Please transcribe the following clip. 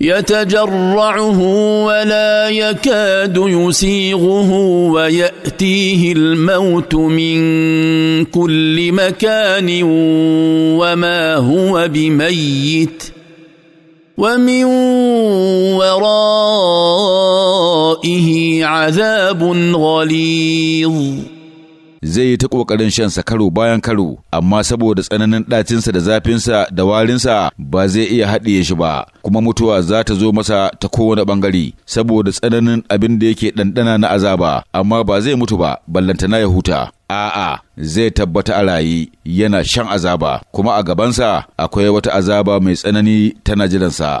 يتجرعه ولا يكاد يسيغه وياتيه الموت من كل مكان وما هو بميت ومن ورائه عذاب غليظ zai yi ta ƙoƙarin shansa karo bayan karo, amma saboda tsananin ɗacinsa da zafinsa da warinsa ba zai iya haɗiye shi ba, kuma mutuwa za ta zo masa ta kowane ɓangare, saboda tsananin abin da yake ɗanɗana na azaba, amma ba zai mutu ba, ballantana ya huta. A'a, zai tabbata a rayi yana shan azaba, kuma a gabansa akwai wata azaba mai tsanani tana jiransa.